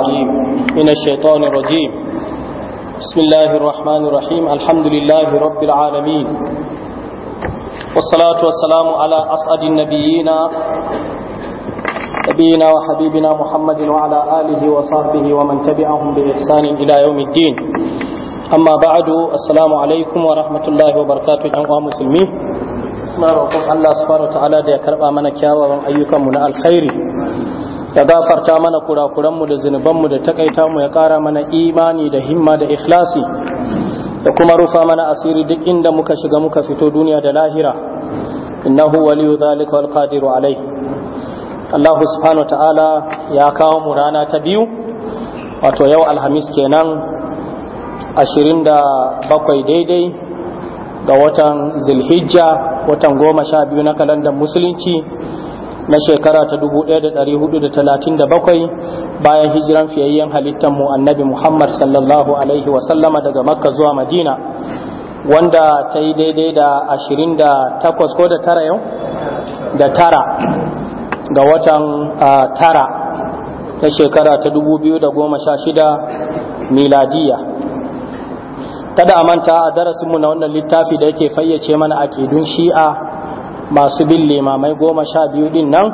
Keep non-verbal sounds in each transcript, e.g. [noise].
العليم من الشيطان الرجيم بسم الله الرحمن الرحيم الحمد لله رب العالمين والصلاة والسلام على أسعد النبيين نبينا وحبيبنا محمد وعلى آله وصحبه ومن تبعهم بإحسان إلى يوم الدين أما بعد السلام عليكم ورحمة الله وبركاته أيها المسلمين na roƙon Allah subhanahu wa ta'ala da ya karɓa mana kyawawan ayyukanmu na alkhairi ya gafarta mana kurakuranmu da zunubanmu da takaita mu ya kara mana imani da himma da ikhlasi da kuma rufa mana asiri duk inda muka shiga muka fito duniya da lahira innahu waliyu zalika wal qadiru alai Allah subhanahu ta'ala ya kawo mu rana ta biyu wato yau alhamis kenan 27 daidai ga watan zulhijja watan goma sha biyu na kalandar musulunci na shekara ta 1437 bayan hijiran fiyayyen halittar mu annabi Muhammad sallallahu alaihi wasallama daga Makka zuwa Madina wanda ta yi daidai da 28 ko da tara yau da tara ga watan tara na shekara ta 2016 miladiya tada amanta a darasinmu na wannan littafi da yake fayyace mana akidun shi'a masu bin limamai goma sha biyu din nan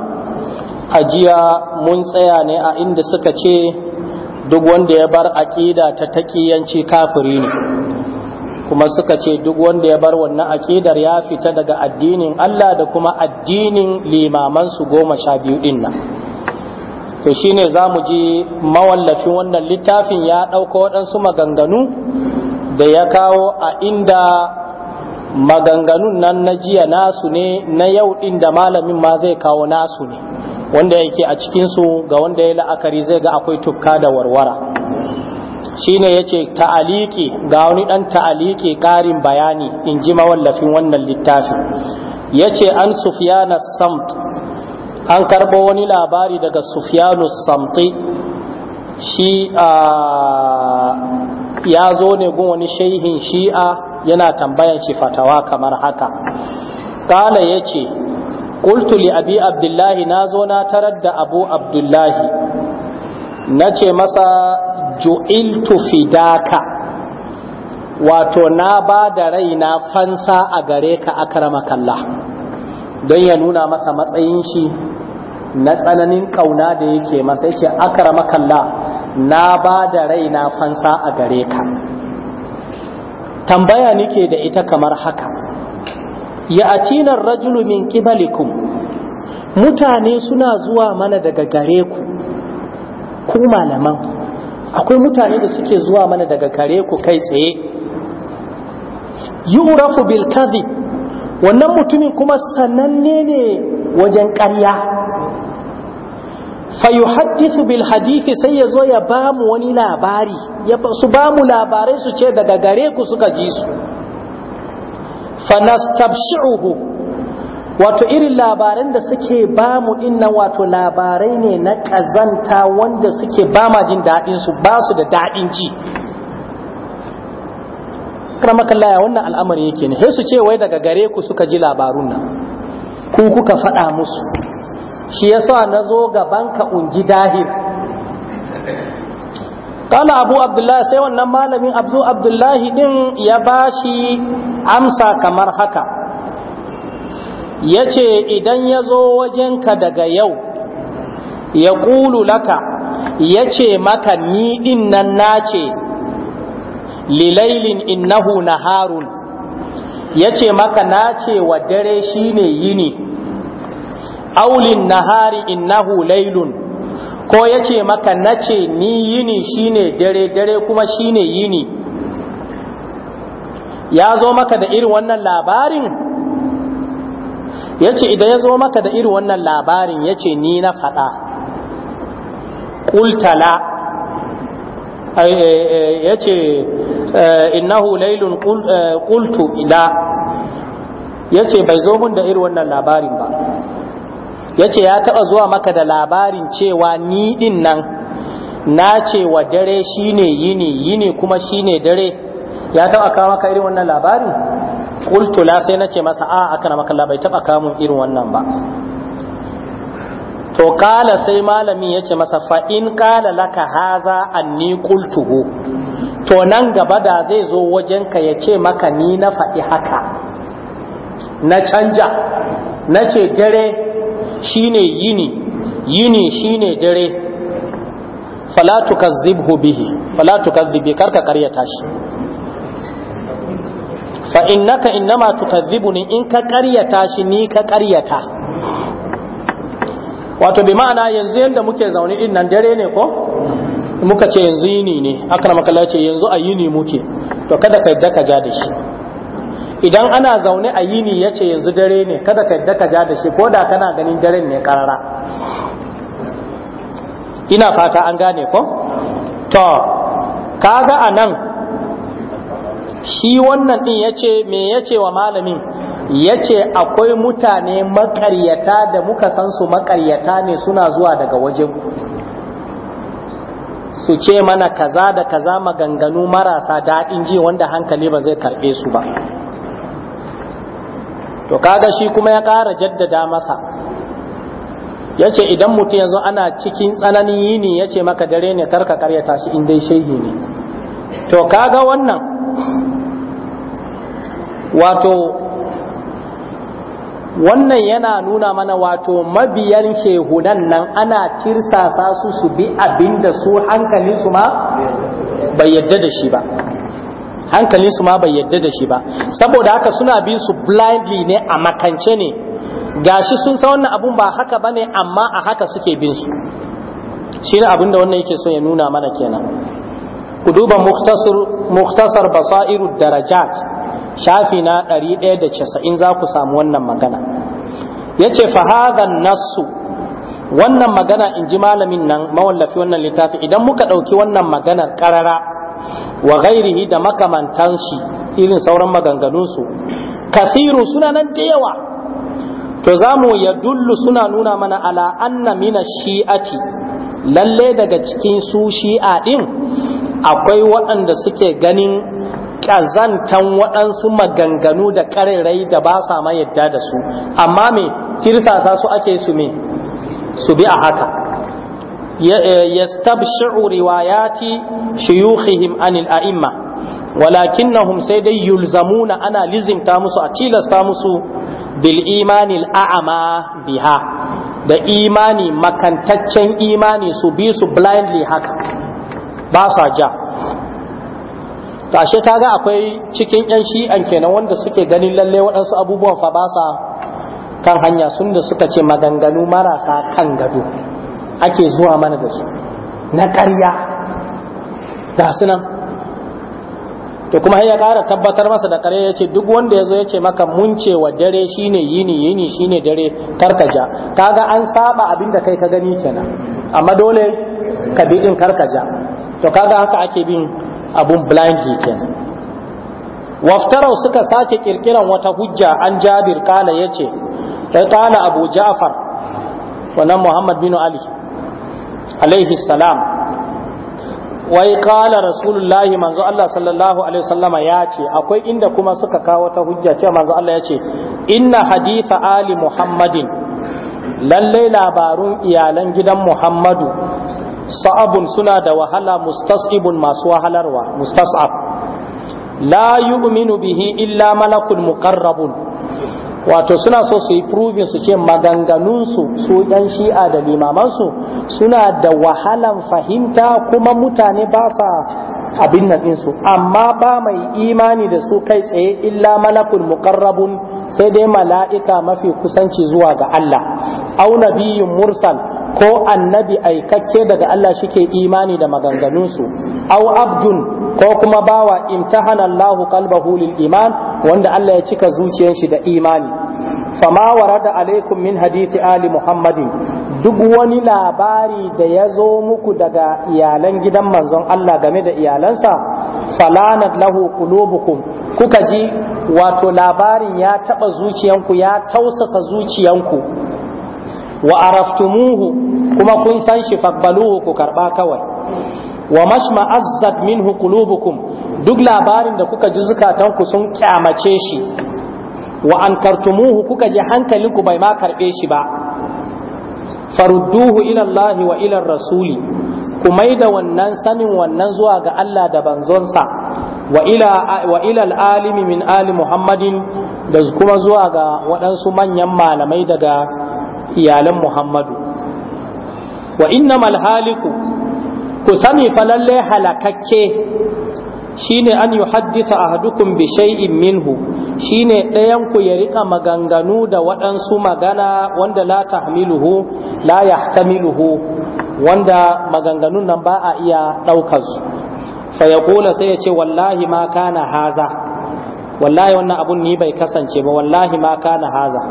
ajiya mun tsaya ne a inda suka ce duk wanda ya bar aƙida ta taƙiyanci kafiri ne kuma suka ce duk wanda ya bar wannan aƙidar ya fita daga addinin Allah da kuma addinin limamansu goma sha biyu din nan to shine za mu ji mawallafin wannan littafin ya ɗauka waɗansu maganganu da ya kawo a inda maganganun nan na jiya nasu ne na yau din da malamin ma zai kawo nasu ne wanda yake a cikinsu ga wanda ya la'akari zai ga akwai tukka da warwara shine yace ta'aliki ga wani dan ta'aliki karin bayani in ji mawallafin wannan littafi. Ya ce an sufiyanar samt an karbo wani labari daga sufyanu samti shi ah, ya zo ne gun wani shaihin shi'a yana tambayan shi fatawa kamar haka kala ya ce li abi abdullahi na zo na tarar da abu abdullahi na ce masa ju'iltu fidaka wato na ba da raina fansa a gare ka karama kalla don ya nuna masa matsayin shi na tsananin ƙauna da yake masa yake karama kalla na ba da raina fansa a gare ka tambaya nike da ita kamar haka ya atinar rajulu min kibalikum mutane suna zuwa mana daga gare ku ku malaman akwai mutane da suke zuwa mana daga gare ku kai tsaye Yi urafu bilkazi wannan mutumin kuma sananne ne wajen karya? fayuhaddithu bil hadithi sai ya zo ya ba mu wani labari su ba mu labarai su ce daga gare ku suka ji su fanastabshi'uhu wato irin labaran da suke ba mu dinnan wato labarai ne na kazanta wanda suke ba ma jin daɗin su ba su da daɗin ji karamakallah ya wannan al'amari yake ne sai su ce wai daga gare ku suka ji labarun nan ku kuka faɗa musu shi ya sa na zo gabanka unji dahir kala abu abdullahi sai wannan malamin abu abdullahi din ya ba shi amsa kamar haka ya ce idan ya zo wajenka daga yau ya ƙulu laka ya ce maka ni din nan na ce lilailin innahu naharun ya ce maka na ce wa dare shine yini aulin nahari innahu laylun ko yace maka nace ni yini shine dare dare kuma shine yini ya zo maka da irin wannan labarin yace idan ya zo maka da irin wannan labarin yace ni na faɗa ƙultala eh, eh, ya ce eh, innahu lailun qultu ila ya ce bai zo mun da irin wannan labarin ba yace ya taba zuwa maka da labarin cewa ni ɗin nan na ce wa dare shine yini yini kuma shine dare ya taɓa kawo maka irin wannan labarin kultula sai na ce masa a aka na makalla bai taɓa kamun irin wannan ba to kala sai malami yace ce masa in kala laka haza anni ƙultuhu to nan gaba da zai zo wajenka ya ce maka ni na faɗi haka na canja na ce dare shine yini yini shine dare fala tukazzibhu bihi fala tukazzibi karka karyata shi fa innaka innama tukazzibuni in ka karyata shi ni ka karyata wato bi ma'ana yanzu yanda muke zaune din nan dare ne ko muka ce yanzu yini ne aka Makalla ce yanzu a yini muke to kada ka yadda ka ja da shi idan ana zaune a yini ya ce yanzu dare ne kada ka yadda ka ja da shi ko da kana ganin daren ne karara ina fata an gane ko to kaga a nan shi wannan din ya ce me ya ce wa malamin ya ce akwai mutane makaryata da muka san su makaryata ne suna zuwa daga wajen su ce mana kaza da kaza maganganu marasa daɗin ji wanda hankali ba zai karɓe su ba to kaga shi kuma ya ƙara jaddada masa ya ce idan mutum yanzu ana cikin tsananin yini ya ce maka dare ne karka karyata shi in dai shehi ne to kaga wannan wato wannan yana nuna mana wato mabiyan shehunan nan ana tirsasa su su bi abinda su hankalinsu ma bai yadda da shi ba hankalin su ma bai yadda da shi ba saboda haka suna bin su blindly ne a makance ne gashi sun san wannan abun ba haka bane amma a haka suke bin su shine abin da wannan yake so ya nuna mana kenan ku duba mukhtasar mukhtasar basairud darajat shafi na 190 za ku samu wannan magana yace fa hadha nassu wannan magana in ji malamin nan mawallafi wannan littafi idan muka ɗauki wannan maganar ƙarara wa ghairihi da makamantan shi irin sauran maganganunsu kafiru suna nan da yawa to zamu yadullu suna nuna mana ala anna mina shi'ati lalle daga cikin su shi'a din akwai waɗanda suke ganin ƙazantan waɗansu maganganu da ƙarirai da ba sa ma yadda da su amma me firtasa su ake su me su bi a haka yastabshi'u riwayati shuyukhihim anil a'imma walakinnahum sai dai yulzamuna ana lizimta musu a tilasta musu bil imanil a'ama biha da imani makantaccen imani su bi su blindly haka ba sa ja ta ga akwai cikin yan shi'an kenan wanda suke ganin lalle waɗansu abubuwan fa ba sa kan hanya sun da suka ce maganganu marasa kan gado ake zuwa mana da su na ƙarya ga nan? to kuma ya kara tabbatar masa da karya ya ce duk wanda ya zo ya ce maka mun wa dare shine yini yini shine dare karkaja kaga an saba abin kai ka gani kenan amma dole ka bi din karkaja to kaga haka ake bin abun blindly kenan waftarau suka sake kirkiran wata hujja an jabir kala yace ce ya kala abu ja'far wannan muhammad bin ali alaihi salam wai kala rasulullahi manzo Allah sallallahu alaihi wasallama ya ce akwai inda kuma suka kawo ta hujja ce manzo Allah ya ce inna haditha ali muhammadin lallai labarun iyalan gidan muhammadu sa'abun suna da wahala mustas'ibun masu wahalarwa mustas'ab la yu'minu bihi illa malakul muqarrabun wato suna so su yi proving su ce maganganunsu su ɗan shi'a da limamansu suna da wahalan fahimta kuma mutane ba sa abin nan ɗinsu amma ba mai imani da su kai tsaye illa malakul muqarrabun sai dai mala'ika mafi kusanci zuwa ga Allah au nabiyyun mursal ko annabi aikakke daga Allah shike imani da maganganunsu au abdun ko kuma bawa imtahana Allahu qalbahu lil iman wanda Allah ya cika zuciyar shi da imani fama warada alaikum min hadisi ali muhammadin duk wani labari da ya zo muku daga iyalan gidan manzon Allah game da iyalansa falanat lahu qulubukum kuka ji wato labarin ya taba zuciyanku ya tausasa zuciyanku wa araftumuhu kuma kun san shi fakbaluhu ku karba kawai wa mashma azzat minhu qulubukum duk labarin da kuka ji zukatanku sun kyamace shi wa ankartumuhu kuka ji hankalinku bai ma karbe shi ba farudduhu ilallahi Allah wa rasuli ku da wannan sanin wannan zuwa ga Allah da banzonsa wa ilal alimi min ali muhammadin da kuma zuwa ga waɗansu manyan malamai daga iyalan muhammadu wa inna haliku ku sani falalle halakakke shine an yuhaddisa ahadukum bishai shay'in minhu shine ɗayan ku ya riƙa maganganu da waɗansu magana wanda la tahmiluhu la yahtamiluhu wanda maganganun nan ba a iya ɗaukar su fa yaqula sai ya ce wallahi ma kana haza wallahi wannan abun ni bai kasance ba wallahi ma kana haza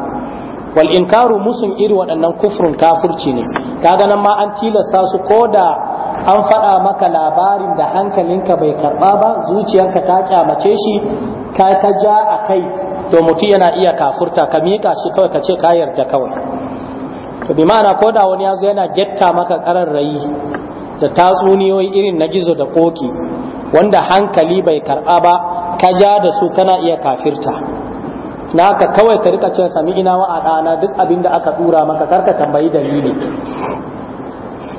wal inkaru musun iri waɗannan kufrun kafurci ne kaga nan ma an tilasta su koda an faɗa maka labarin da hankalinka bai karɓa ba zuciyarka ta kyamace shi ka ta ja a kai to mutum yana iya kafurta ka miƙa shi kawai ka ce ka yarda kawai to bi ma'ana ko da wani ya zo yana getta maka rayi da tatsuniyoyi irin na gizo da koki wanda hankali bai karɓa ba ka ja da su kana iya kafirta Na naka kawai ka rika cewa sami ina wa a ɗana duk abin da aka tura maka karka tambayi dalili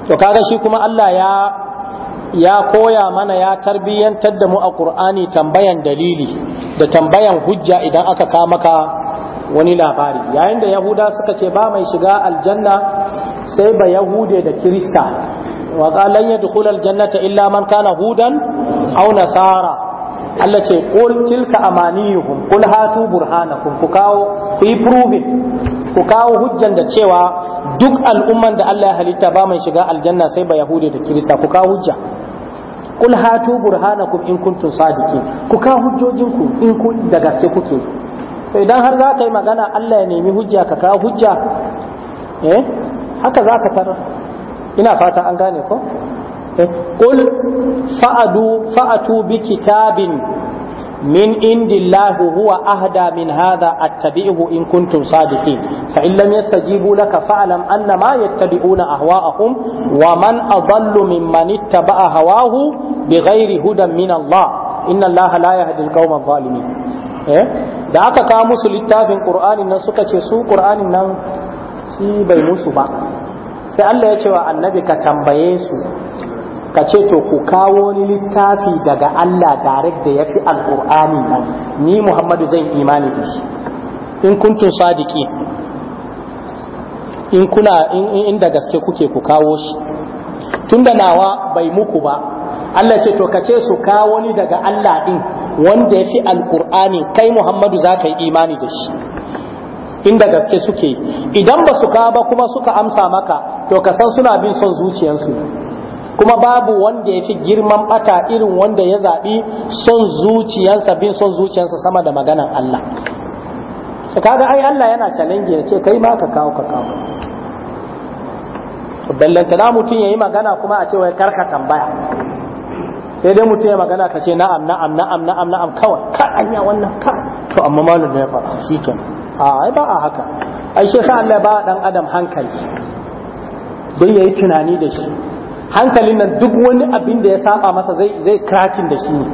to kaga shi kuma Allah ya ya koya mana ya tarbiyyantar da mu a Qur'ani tambayan dalili da tambayan hujja idan aka ka wani labari yayin da Yahuda suka ce ba mai shiga aljanna sai ba Yahude da Kirista wa qalan yadkhul aljannata illa man kana hudan aw nasara Allah ce qul tilka amaniyuhum qul hatu burhanakum ku kawo fi proving ku kawo hujjan da cewa duk al'umman da Allah ya halitta ba mai shiga aljanna sai ba yahudi da kirista ku kawo hujja kul hatu burhanakum in kuntum sadiqin ku kawo hujjojinku in ku da gaske kuke to idan har za ka yi magana Allah ya nemi hujja ka kawo hujja eh haka za ka tar ina fata an gane ko eh? qul fa'adu fa'atu bi kitabin min indillahi huwa ahda min hadha attabi'uhu in kuntum sadiqin fa in lam yastajibu laka fa'lam anna ma yattabi'una ahwa'ahum wa man adallu mimman ittaba'a hawahu bighairi hudan min Allah inna Allah la yahdi al-qawma adh-dhalimin eh da aka kawo musu littafin Qur'anin nan suka ce su Qur'anin nan shi bai musu ba sai Allah ya ce wa annabi ka tambaye su ka ce to ku kawo ni littafi daga Allah direct da ya fi alqur'ani nan ni Muhammadu zan imani da shi in kuntun sadiki in kuna in da gaske kuke ku kawo shi tunda nawa bai muku ba Allah ce to ka ce su kawo ni daga Allah din wanda ya fi alqur'ani kai Muhammadu za ka yi imani da shi inda gaske suke idan ba su kawo ba kuma suka amsa maka to ka san suna bin son zuciyarsu kuma babu wanda ya fi girman bata irin wanda ya zaɓi son zuciyarsa bin son zuciyarsa sama da maganan Allah kaga ai Allah yana challenge ya ce kai ma ka kawo ka kawo ballantana mutum ya yi magana kuma a ce wai karka tambaya sai dai mutum ya magana ka ce na'am na'am na'am na'am na'am kawai ka anya wannan ka to amma malum ne ya faɗa shikenan a ai ba a haka ai shi Allah ba dan adam hankali don yayi tunani da shi hankalin nan duk wani abin da ya saba masa zai zai cracking da shi ne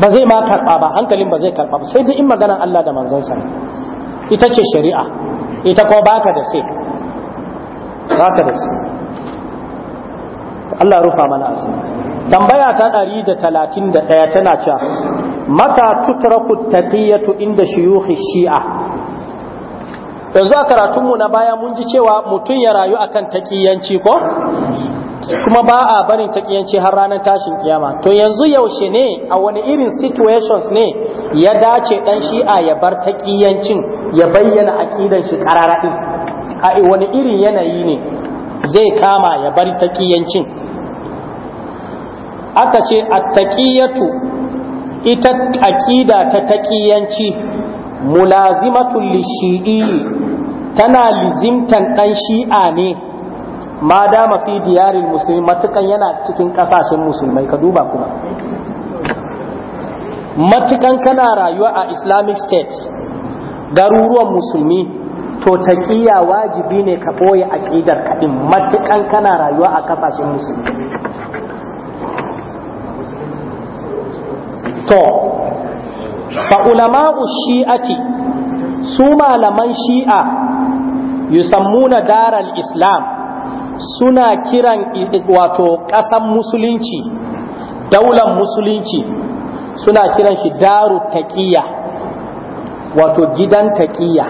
ba zai ma karba ba hankalin ba zai karba ba sai dai in maganar Allah da manzansa ne ita ce shari'a ita ko baka da sai baka da sai Allah rufa mana asiri tambaya ta 131 tana cewa mata tutraku taqiyatu inda shuyukh shi'a yanzu a karatunmu na baya mun ji cewa mutum ya rayu a kan taƙiyanci ko kuma ba a barin taƙiyanci har ranar tashin kiyama to yanzu yaushe ne a wani irin situations ne ya dace ɗan shi'a ya bar taƙiyancin ya bayyana aƙidan shi ƙararraɗin a wani irin yanayi ne zai kama ya bar taƙiyancin aka ce a taƙiyatu ita aƙida ta taƙiyanci mulazimatul lishi'i tana lizimtan ɗan shi'a ne ma dama fi diyarin musulmi matukan yana cikin kasashen musulmai ka duba kuma matukan kana rayuwa a islamic state garuruwan musulmi to taƙiya wajibi ne ka ɓoye aƙidar kaɗin matukan kana rayuwa a ƙasashen musulmi to fa ulama'u shi'ati su malaman shi'a yusammuna daral islam suna kiran wato ƙasan musulunci daular musulunci suna kiran shi daru taƙiyya wato gidan taƙiyya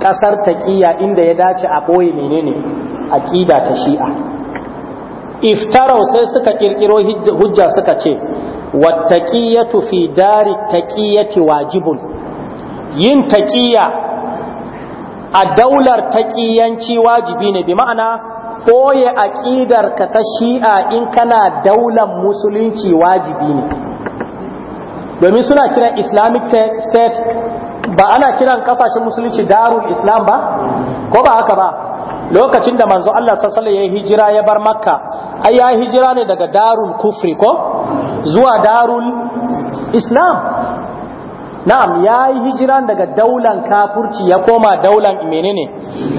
ƙasar taƙiyya inda ya dace a ɓoye menene aƙida ta shi'a iftarau sai suka kirkiro hujja suka ce wattaqiyatu fi dari taqiyati wajibun yin taqiya a daular taqiyanci wajibi ne bi ma'ana koye aqidar ka ta shi'a in kana daular musulunci wajibi ne domin suna kiran islamic state ba ana kiran kasashen musulunci darul islam ba ko ba haka ba lokacin da manzo Allah sallallahu ya hijira ya bar makka ai ya hijira ne daga darul kufri ko zuwa darul islam na'am ya yi hijira daga daular kafurci ya koma daular menene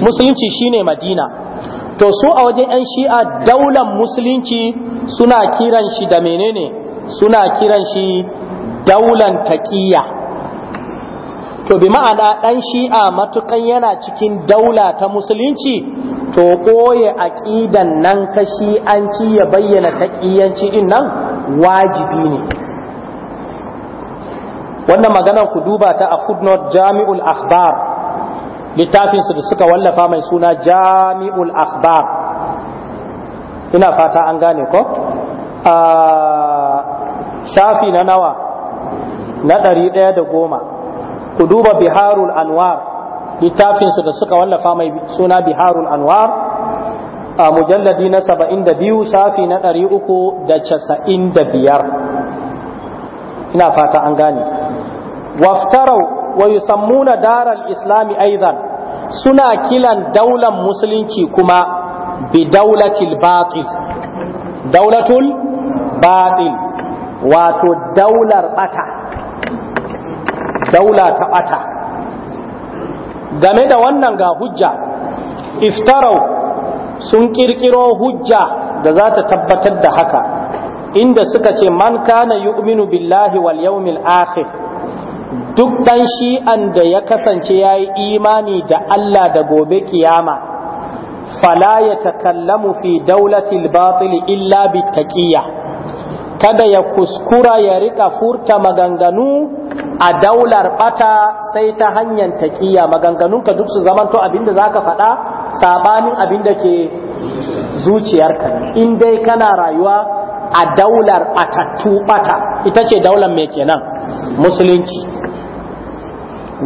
musulunci shine madina to su a wajen yan shi'a daular musulunci suna kiran shi da menene suna kiran shi daular taqiyya to bi ma'ana ɗan shi'a matukan yana cikin daula ta musulunci to koye aƙidan nan ka shi'anci ya bayyana ta ƙiyanci ɗin nan wajibi ne wannan maganar ku duba ta a footnote jami'ul akhbar littafinsu da suka wallafa mai suna jami'ul akhbar ina fata an gane ko ah, shafi na nawa na ɗari ɗaya da goma ku duba biharul anwar littafinsu da suka wallafa mai suna biharul anwar a mujalladi na saba'in da biyu shafi na ɗari uku da casa'in da biyar ina fata an gane waftarau wa yusammuna daral islami aizan suna kilan daular musulunci kuma bi daulatil daulatul baɗi, wato daular bata daula ta bata game da wannan ga hujja iftarau sun kirkiro hujja da za ta tabbatar da haka inda suka ce man kana yu'minu billahi wal yawmil akhir duk dan shi'an da ya kasance yayi imani da Allah da gobe kiyama fala yatakallamu fi daulatil batil illa bittaqiyya kada ya kuskura ya rika furta maganganu a daular bata sai ta hanyar taƙiya ka duk su zamanto abinda za ka faɗa sabanin abinda ke zuciyarka in dai kana rayuwa a daular batattu bata ita ce daular mai kenan musulunci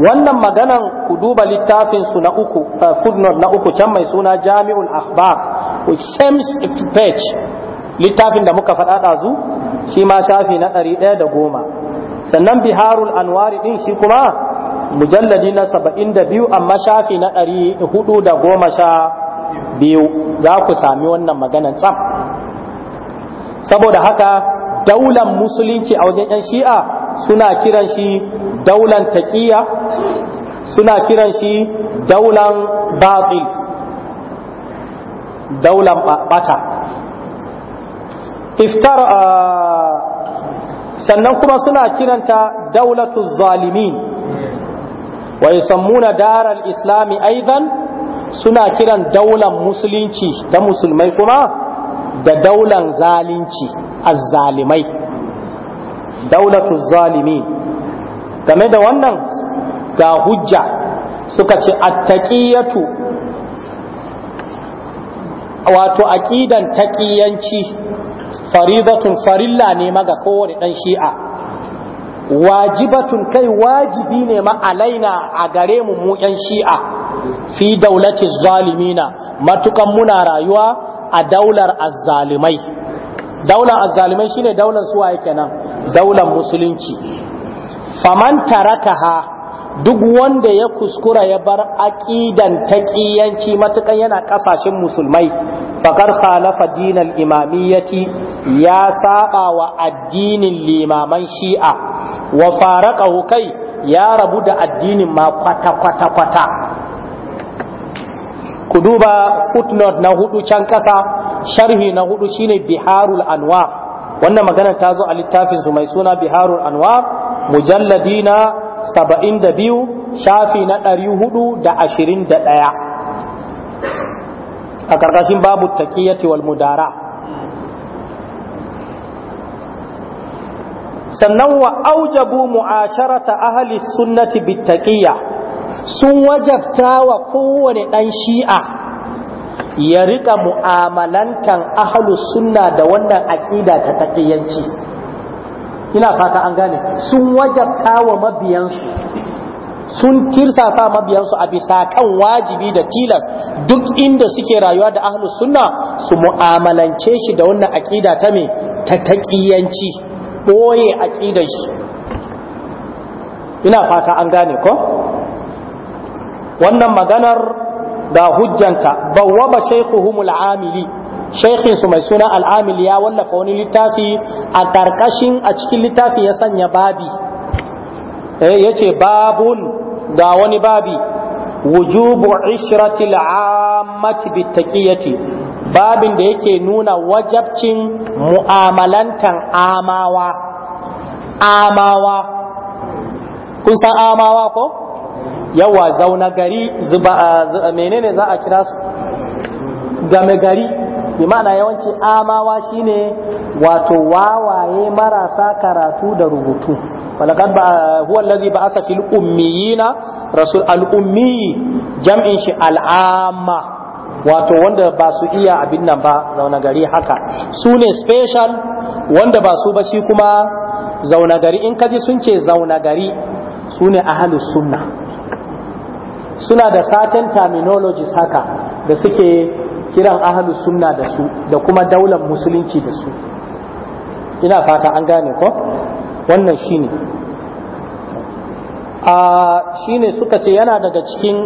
wannan maganan ku duba littafin su na uku eh, footnote na uku can mai suna jami'ul akhbar with same page littafin da muka faɗa ɗazu shi ma shafi na ɗari ɗaya da goma sannan biharul anwari ɗin shi kuma mujalladi na saba'in da biyu amma shafi na ɗari hudu da goma sha biyu za ku sami wannan maganan tsam saboda haka daular musulunci a wajen 'yan shi'a suna kiran shi daular taƙiya suna kiran shi daular batil daular bata iftar sannan kuma suna kiranta daulatu zalimin wa yusammuna daral islami aidan suna kiran daular musulunci da musulmai kuma da daular zalunci azzalimai daulatu zalimin game da wannan ga hujja suka ce attaqiyatu wato aqidan taqiyanci faridatun farilla ne maga kowane dan shi'a wajibatun kai wajibi ne ma alaina a gare mu mu yan shi'a fi daulati zalimina matukan muna rayuwa a daular azzalimai daular azzalimai shine daular suwaye kenan daular musulunci faman tarakaha duk wanda ya kuskura ya bar aqidan ƙiyanci matukan yana ƙasashen musulmai fakar khalafa dinal imamiyyati ya saba wa addinin limaman shi'a wa faraqahu kai ya rabu da addinin ma kwata kwata kwata ku duba footnote na hudu can ƙasa sharhi na hudu shine biharul Anwa wannan magana ta zo a littafin su mai suna biharul anwa mujalladina saba'in da biyu shafi na ɗari hudu da ashirin da ɗaya a ƙarƙashin babu taƙiyyati wal mudara sannan wa aujabu mu'asharata ahli sunnati bittaqiyya sun wajabta wa kowane ɗan shi'a ya riƙa mu'amalantan ahli sunna da wannan aƙida ta taƙiyanci ina fata an gane sun wajabta wa mabiyansu sun tirsasa mabiyansu a bisa kan wajibi da tilas duk inda suke rayuwa da ahlus sunna su mu'amalance shi da wannan akida ta me ta taqiyanci boye akidar shi ina fata an gane ko wannan maganar ga hujjanta ba shaykhuhumul amili su mai suna al'amil ya wallafa wani littafi a ƙarƙashin a cikin littafi ya sanya babi eh, ya ce babun ga wani babi wujubu ishratil ammati bittaqiyati babin da yake nuna wajabcin mu'amalantan amawa amawa kun san amawa ko yawa zauna gari menene za a kira su game gari bi ma'ana yawanci amawa shine wato wawaye marasa karatu da rubutu falakad ba huwa allazi ba'asa fil ummiyina rasul al ummi jam'in shi al amma wato wanda ba su iya abin nan ba zauna gari haka su ne special wanda ba su ba shi kuma zauna gari in kaji sun ce zauna gari su ne ahalus sunna suna da certain terminologies haka da suke kiran ahlus sunna da su da kuma daular musulunci da su ina fata an gane ko wannan shine a shine suka ce yana daga cikin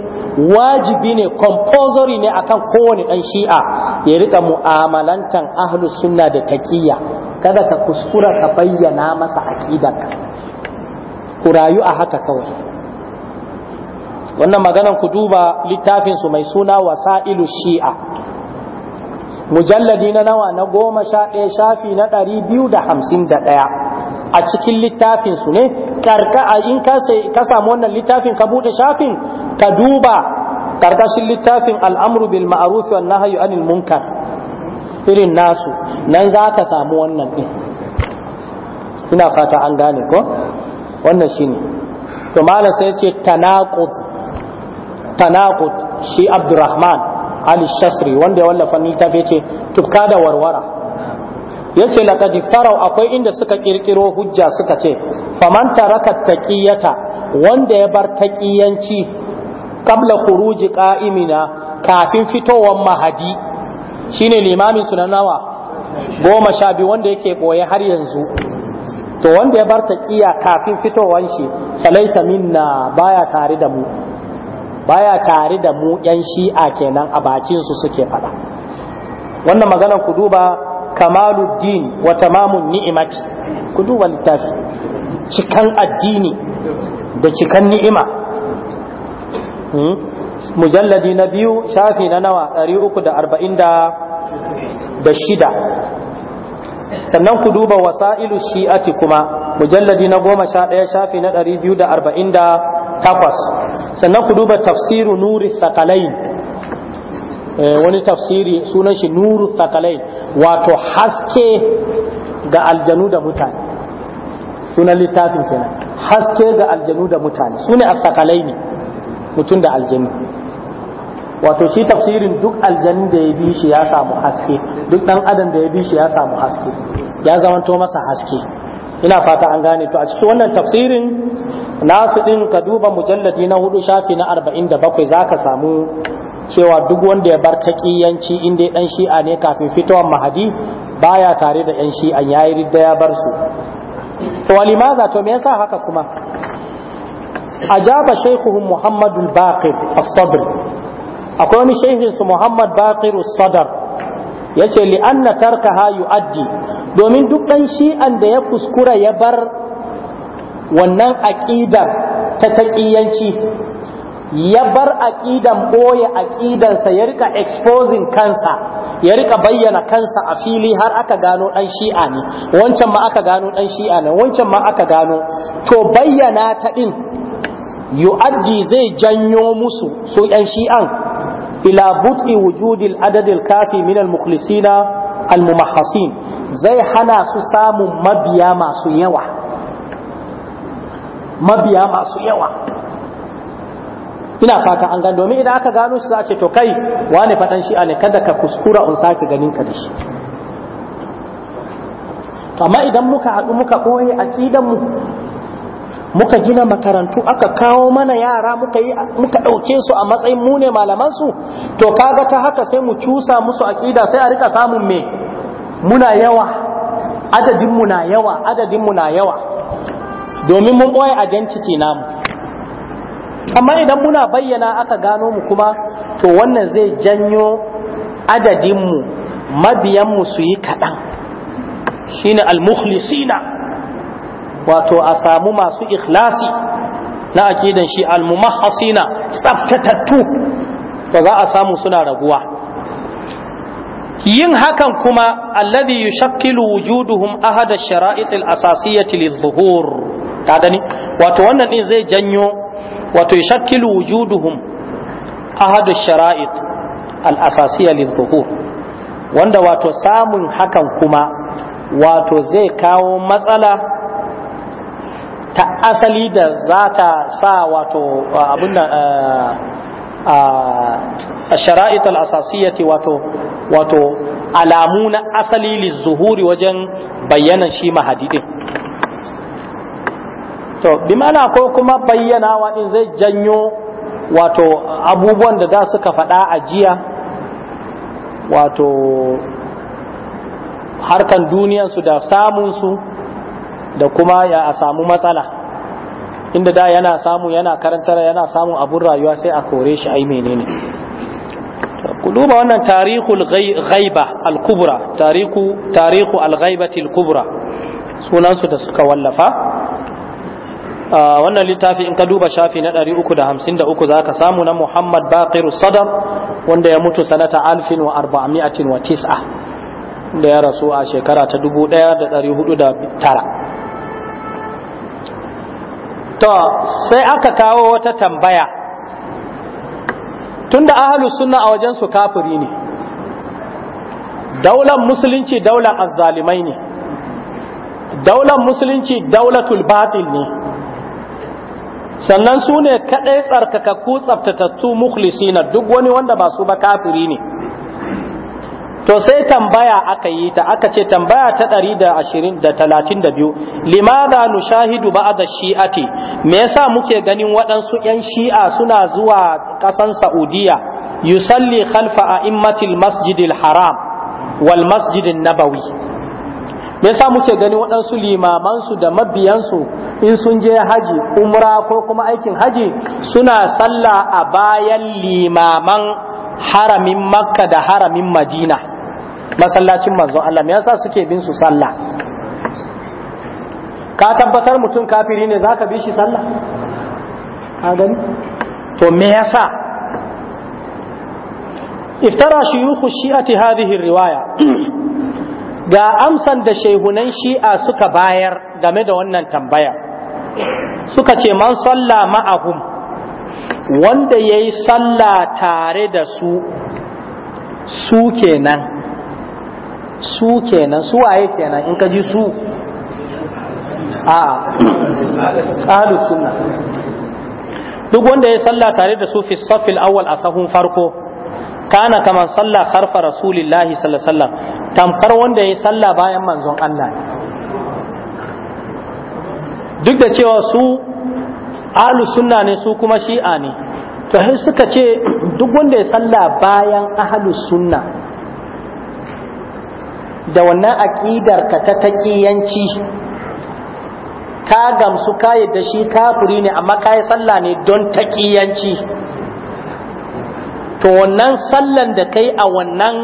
wajibi ne compulsory ne akan kowane dan shi'a ya rika mu'amalantan ahlus sunna da taqiyya kada ka kuskura ka bayyana masa aqidanka ku rayu a haka kawai wannan maganan ku duba littafin su mai suna wasailu shi'a mujalladi na nawa na goma sha ɗaya shafi na ɗari biyu da hamsin da ɗaya a cikin littafin su ne karka in ka samu wannan littafin ka buɗe shafin ka duba karkashin littafin al'amru bil ma'ruf wa nahyu anil munkar irin nasu nan za ka samu wannan ɗin ina fata an gane ko wannan shine to malam sai ce tanaqud tanaqud shi abdurrahman Ali Shasri wanda ya wallafa littafi ce tufka da warwara yace laqad farau akwai inda suka kirkiro hujja suka ce faman taraka taqiyata wanda ya bar taqiyanci qabla khuruji qa'imina kafin fitowar mahadi shine limamin sunan nawa goma sha biyu wanda yake boye har yanzu to wanda ya bar taqiya kafin fitowan shi falaisa minna baya tare da mu baya tare da mu yan shi'a kenan a bakin su suke faɗa wannan magana ku duba kamaluddin wa tamamun ni'imati ku duba littafi cikan addini da cikan ni'ima hmm? mujalladi na biyu shafi na nawa 346 sannan ku duba wasa'ilu shi'ati kuma mujalladi na goma sha ɗaya shafi na ɗari biyu da arba'in da takwas sannan ku duba tafsiru nuri sakalain eh, wani tafsiri sunan shi nuru sakalain wato haske ga aljanu da mutane sunan littafin kenan haske ga aljanu da mutane su ne asakalaini mutum da aljanu wato shi tafsirin duk aljanin da ya bi shi ya samu haske duk dan adam da ya bi shi ya samu haske ya zama zamanto masa haske ina fata an gane to a cikin wannan tafsirin nasu ɗin ka duba mujalladi na hudu shafi na arba'in da 47 ka samu cewa duk wanda ya bar yanci inda ya dan shi'a ne kafin fitowar mahadi baya tare da yan shi'a ya yi ridda ya bar su to walimaza to me yasa haka kuma ajaba shaykhuhum muhammadul baqir as-sadr akwai wani shaykhin su muhammad baqir as-sadr ya ce li'anna tarkaha yu'addi domin duk ɗan shi'an da ya kuskura ya bar wannan aƙidar ta taƙiyanci ya bar aƙidan ɓoye aƙidansa ya rika exposing kansa ya rika bayyana kansa a fili har aka gano ɗan shi'a ne wancan ma aka gano ɗan shi'a ne wancan ma aka gano to bayyana ta ɗin yu'addi zai janyo musu su ɗan shi'an ila but'i wujudil adadin kafi min al-mukhlisina al-mumahhasin zai hana su samun mabiya masu yawa mabiya masu yawa ina fata an gano domin idan aka gano su za a ce to kai wane faɗan shi'a ne kada ka kuskura in sake ganin ka da shi amma idan muka haɗu muka ɓoye ƙidanmu muka gina makarantu aka kawo mana yara muka muka ɗauke su a matsayin mu ne malamansu to kaga ta haka sai mu cusa musu aƙida sai a rika samun me muna yawa adadinmu na yawa adadinmu na yawa domin mun ɓoye identity namu amma idan muna bayyana aka gano mu kuma to wannan zai janyo adadinmu mabiyanmu su yi kaɗan shine almukhlisina wato a samu masu ikhlasi na akidan shi almumahasina tsaftatattu to za a samu suna raguwa yin hakan kuma alladhi yushakkilu wujuduhum ahada shara'itil asasiyyati lidh-dhuhur ka gani wato wannan din zai janyo wato yashkilu wujuduhum ahadu shara'it al-asasiyya lidh wanda wato samun hakan kuma wato zai kawo matsala ta asali da za ta sa wato abin a shara'it al-asasiyyati wato wato alamu na asali lizuhuri wajen bayyana shi mahadidin to bi mana ko kuma bayyanawa din zai janyo wato abubuwan da za suka faɗa a jiya wato harkan duniyansu da samunsu da kuma ya a samu matsala inda da yana samu yana karantar yana samun abun rayuwa sai a kore shi ai menene ku duba wannan tarihul ghaiba al-kubra tarihu tarihu al-ghaibati al-kubra sunansu da suka wallafa wannan littafi in ka duba shafi na 353 za ka samu na muhammad Baqir Sadar, wanda ya mutu sanata 1409 da ya rasu a shekara ta 1409 to sai aka kawo wata tambaya tunda ahalus sunna a wajen su kafiri ne daular musulunci daular azzalimai ne daular musulunci daulatul batil ne sannan su ne kaɗai tsarkakakku tsaftatattu mukhlisina duk wani wanda ba su ba kafiri ne to sai tambaya aka yi ta aka ce tambaya ta ɗari da ashirin da talatin da biyu limada nushahidu ba'da shi'ati me yasa muke ganin waɗansu 'yan shi'a suna zuwa ƙasan Saudiyya? yusalli khalfa a'immatil masjidil haram wal masjidin nabawi me yasa muke gani waɗansu limamansu da mabiyansu in sun je haji umra ko kuma aikin haji suna sallah a bayan limaman haramin makka da haramin madina masallacin manzon Allah me yasa suke bin su sallah ka tabbatar mutum kafiri ne zaka bi shi sallah ka gani to me yasa iftara شيوخ shi'ati hadhihi riwaya [clears throat] ga amsan da shehunan shi'a suka bayar game da wannan tambaya suka ce man salla ma'ahum wanda ya yi salla tare da su su kenan su kenan su waye kenan in ka ji su a ƙalu suna duk wanda ya salla tare da su fi safil awwal a sahun farko kana kaman sallah harfa rasulillahi sallallahu alaihi tamkar wanda ya sallah bayan manzon Allah duk da cewa su ahlu sunna ne su kuma shi'a ne to sai suka ce duk wanda ya sallah bayan ahlu sunna da wannan aqidar ka ta taqiyanci ka gamsu ka yadda shi kafiri ne amma ka yi sallah ne don taqiyanci to wannan sallan da kai a wannan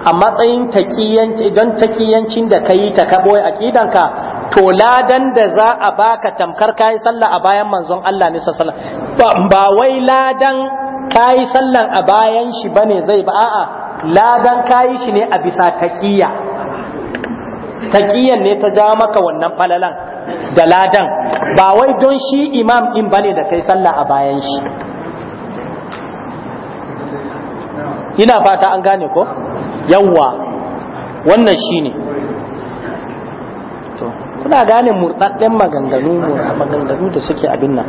a matsayin takiyanci don takiyancin da kai ta kabo ka. to ladan da za a baka tamkar kai sallah a bayan manzon Allah ne sallallahu ba wai ladan kai sallan a bayan shi bane zai ba a'a ladan kayi shi ne a bisa taqiya taqiyan ne ta ja maka wannan falalan da ladan ba wai don shi imam in bane da kai sallah a bayan shi ina fata an gane ko yawwa wannan shine to kuna gane murɗaɗɗen maganganu maganganu da suke abin nan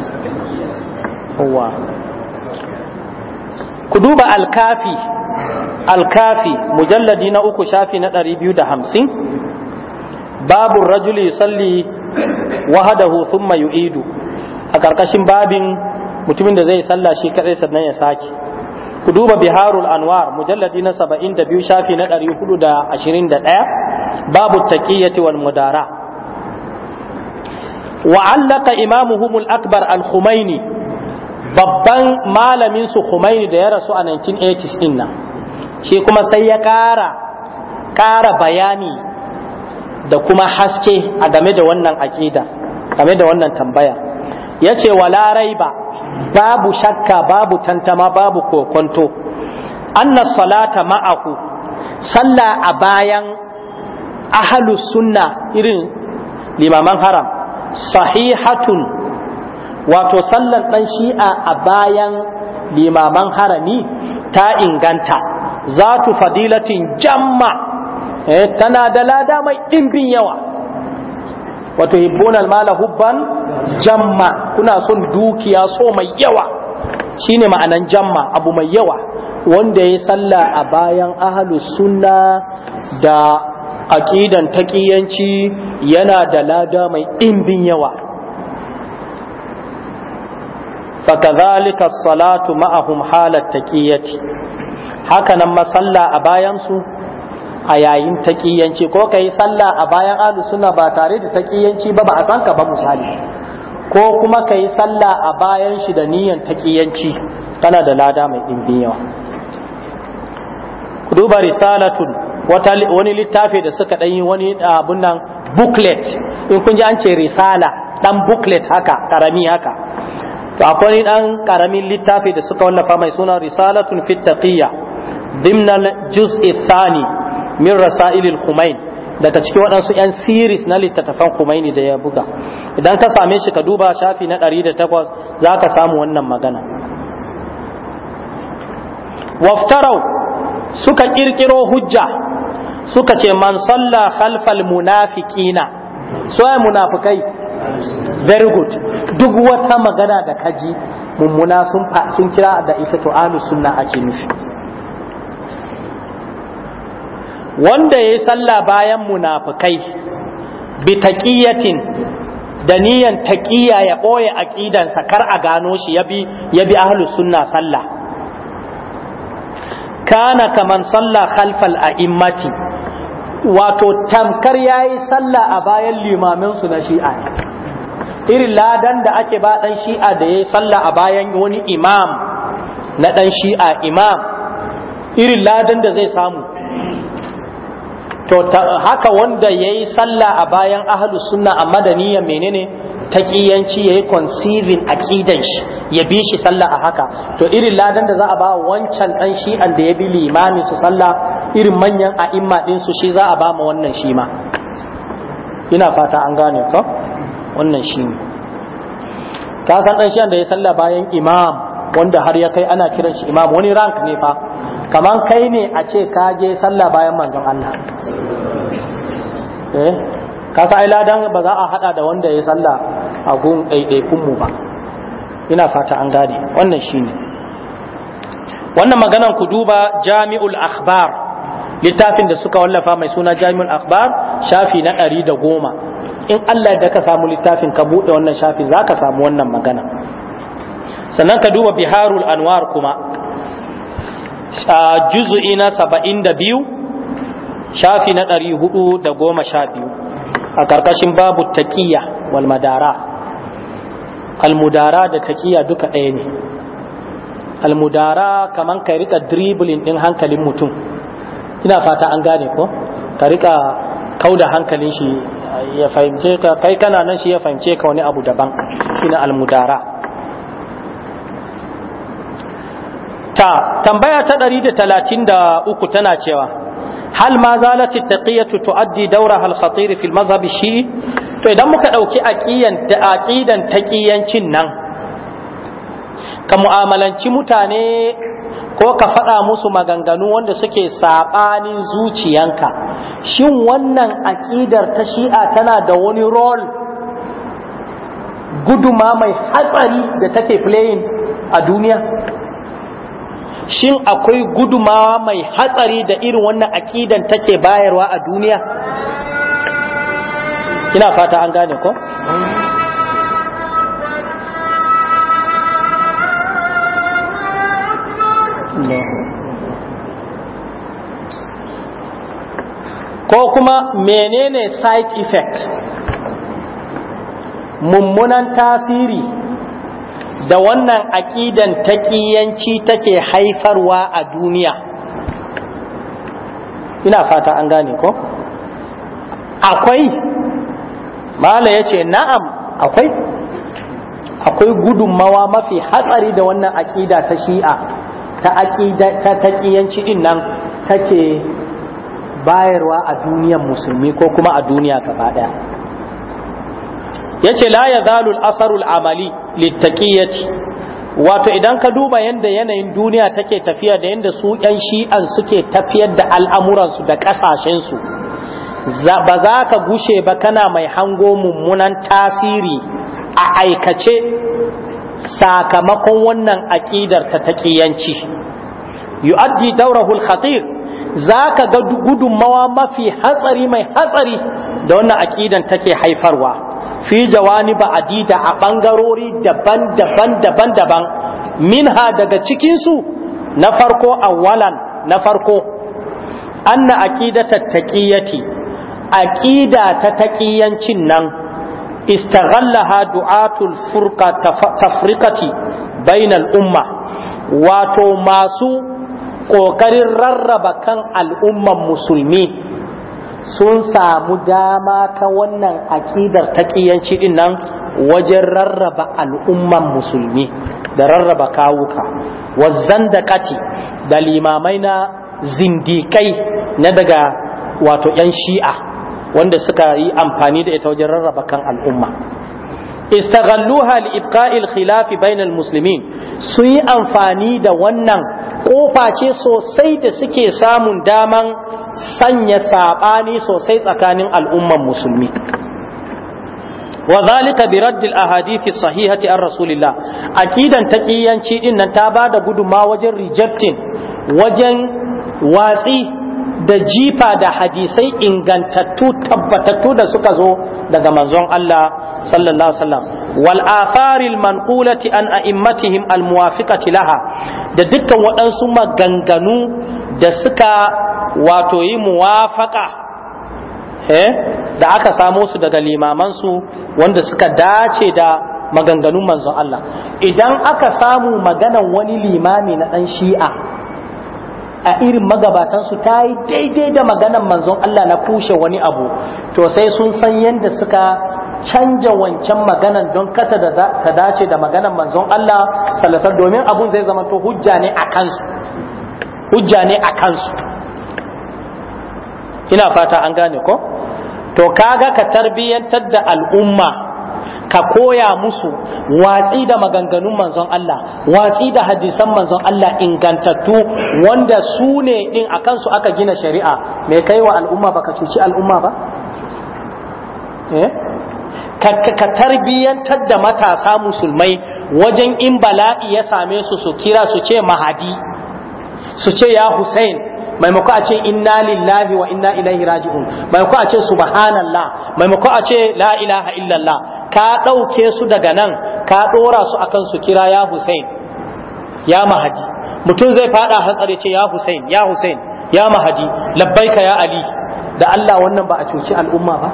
yawwa ku duba alkafi alkafi mujalladi na uku shafi na ɗari biyu da hamsin babu rajuli salli wahadahu thumma yu'idu a ƙarƙashin babin mutumin da zai salla shi kaɗai sannan ya sake ku duba biharul anwar mujalladi na 72 shafi na 421 babu taqiyati wal mudara wa allaka imamuhum al akbar al khumaini babban malamin su khumaini da ya rasu a 1980 din nan shi kuma sai ya kara kara bayani da kuma haske a game da wannan aqida game da wannan tambaya yace wala raiba babu shakka babu tantama babu kokonto anna salata ma'ahu sallah a bayan ahalus sunna irin limaman haram sahihatun wato sallar dan shi'a a bayan limaman harami ta inganta zatu fadilatin jamma eh, tana da lada mai ɗimbin yawa wato hibbuna almala hubban jamma kuna son dukiya so mai yawa shine ma'anan jamma abu mai yawa wanda ya sallah a bayan ahlus sunna da aqidan taqiyanci yana da lada mai dimbin yawa fakadhalika as-salatu ma'ahum halat taqiyati hakanan masalla a bayan su a yayin taƙiyanci ko ka yi sallah a bayan ahlu sunna ba tare da taƙiyanci ba ba a san ka ba misali ko kuma ka yi sallah a bayan shi da niyan taƙiyanci tana da lada mai ɗimbin yawa ku duba risalatun wani littafi da suka ɗanyi wani abun nan booklet in kun ji an ce risala ɗan booklet haka ƙarami haka to akwai ɗan ƙaramin littafi da suka wallafa mai suna risalatun fit dimnan juz'i الجزء min rasailil khumain daga cikin waɗansu 'yan siris na littattafan khumaini da ya buga idan ka same shi ka duba shafi na 108 za ka samu wannan magana waftarau suka ƙirƙiro hujja suka ce man salla khalfal munafiqina soya munafikai very good duk wata magana da kaji mummuna sun kira da ita to ahlus sunna ake nufi wanda ya yi sallah bayan munafukai bi taqiyatin da niyan taqiya ya ɓoye aƙidansa kar a gano shi ya bi ya bi ahlus sunna sallah kana kaman sallah khalfal a'immati wato tamkar yayi sallah a bayan limamin su na shi'a irin ladan da ake ba dan shi'a da yayi sallah a bayan wani imam na dan shi'a imam irin ladan da zai samu to haka wanda ya yi sallah a bayan ahalus sunna a madaniya menene ta kiyanci ya yi conceiving aƙidan shi ya bi shi sallah a haka to irin ladan da za a ba wancan ɗan an da ya bi limamin su sallah irin manyan a'imma su shi za a ba ma wannan shi ma ina fata an gane ka wannan shi ne ka san ɗan an da ya sallah bayan imam wanda har ya kai ana kiran shi imam wani rank ne fa kaman kai ne a ce ka je sallah bayan manzon Allah eh ka sa ai ladan ba za a hada da wanda ya sallah a gun ɗaiɗaikun mu ba ina fata an gane wannan shine wannan maganan ku duba jami'ul akhbar littafin da suka wallafa mai suna jami'ul akhbar shafi na ɗari da goma in Allah da ka samu littafin ka bude wannan shafi zaka samu wannan magana sannan ka duba biharul anwar kuma a juzu'i na saba'in da biyu shafi na ɗari hudu da goma sha biyu a ƙarƙashin babu taƙiya wal madara almudara da taƙiya duka ɗaya ne almudara kaman ka riƙa dribbling ɗin hankalin mutum ina fata an gane ko ka riƙa kauda hankalin shi ya fahimce ka kai kana nan shi ya fahimce ka wani abu daban shine almudara ta tambaya ta 133 tana cewa hal ma zalati taqiyatu tuaddi dawra al-khatir fi al-mazhab shi'i to idan muka dauki aqiyan da aqidan taqiyancin nan ka mu'amalanci mutane ko ka faɗa musu maganganu wanda suke saɓanin zuciyanka shin wannan aƙidar ta shi'a tana da wani rol guduma mai hatsari da take playing a duniya shin akwai gudumawa mai hatsari da irin wannan aƙidan take bayarwa a duniya ina fata an gane ko ko kuma menene side effect mummunan tasiri da wannan aƙidan taƙiyanci take haifarwa a duniya ina fata an gane ko akwai mala ya na'am akwai akwai gudunmawa mafi hatsari da wannan aƙida ta shi'a ta taƙiyanci ɗin nan take bayarwa a duniyan musulmi ko kuma a duniya gaba ɗaya ya ce la ya zalul asarul amali littaqiyati wato idan ka duba yadda yanayin duniya take tafiya da yadda su yan shi'an suke tafiyar da al'amuransu da ƙasashensu ba za ka gushe ba kana mai hango mummunan tasiri a aikace sakamakon wannan aƙidar ta taƙiyanci yu'addi daurahul khatir za ka ga gudunmawa mafi hatsari mai hatsari da wannan aƙidan take haifarwa fi jawani ba adida a ɓangarori daban-daban daban-daban minha daga cikinsu na farko awalan na farko anna aqidata taqiyati aqida ta taqiyancin nan istaghallaha du'atul furqa tafriqati bainal umma wato masu ƙoƙarin rarraba kan al'umman musulmi sun samu dama ta wannan aƙidar taƙiyanci din nan wajen rarraba al'umman musulmi da rarraba kawuka wazan da da limamai na zindikai na daga wato 'yan shi'a wanda suka yi amfani da ita wajen rarraba kan al'umma istaghalluha li ibqa'il khilaf bainal muslimin su yi amfani da wannan kofa ce sosai da suke samun daman sanya saɓani sosai tsakanin al'ummar musulmi وذلك برد الاحاديث الصحيحه عن رسول الله Aƙidan تقيyanci din nan ta bada guduma wajen rejecting wajen watsi da jifa da hadisai ingantattu tabbatattu da suka zo daga manzon Allah sallallahu alaihi wasallam wal atharil manqulati an a'immatihim al muwafiqati da dukkan waɗansu maganganu da suka wato yi muwafaƙa. Eh, da aka samo su daga limaman su wanda suka dace da maganganun manzon Allah idan aka samu maganan wani limami na ɗan shi'a a irin magabatansu ta yi daidai da maganan manzon Allah na kushe wani abu to sai sun san yadda suka canja wancan maganan don kata da ta dace da maganan manzon Allah sallallahu domin abun zai zama to hujja ne a kansu hujja ne a kansu ina fata an gane ko to kaga ka tarbiyyantar da al'umma ka koya musu watsi da maganganun manzon Allah watsi da hadisan manzon Allah ingantattu wanda su ne din a kansu aka gina shari'a mai kai wa al'umma baka cuci al'umma ba eh ka tarbiyantar da matasa musulmai wajen in bala'i ya same su su kira su ce mahadi su ce ya hussein maimako a ce inna lillahi wa inna ilaihi raji'un maimako a ce subhanallah maimako a ce la ilaha illallah ka ɗauke su daga nan ka ɗora su akan su kira ya hussein ya mahadi mutum zai fada hatsari ce ya hussein ya hussein ya mahadi labbaika ya ali da allah wannan ba a cuci al'umma ba